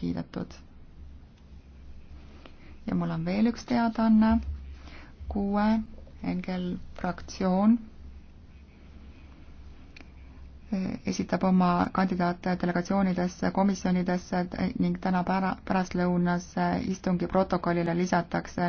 kiidetud. ja mul on veel üks teadaanne, kuue Engel fraktsioon e, esitab oma kandidaate delegatsioonidesse, komisjonidesse ning täna pärastlõunase istungi protokollile lisatakse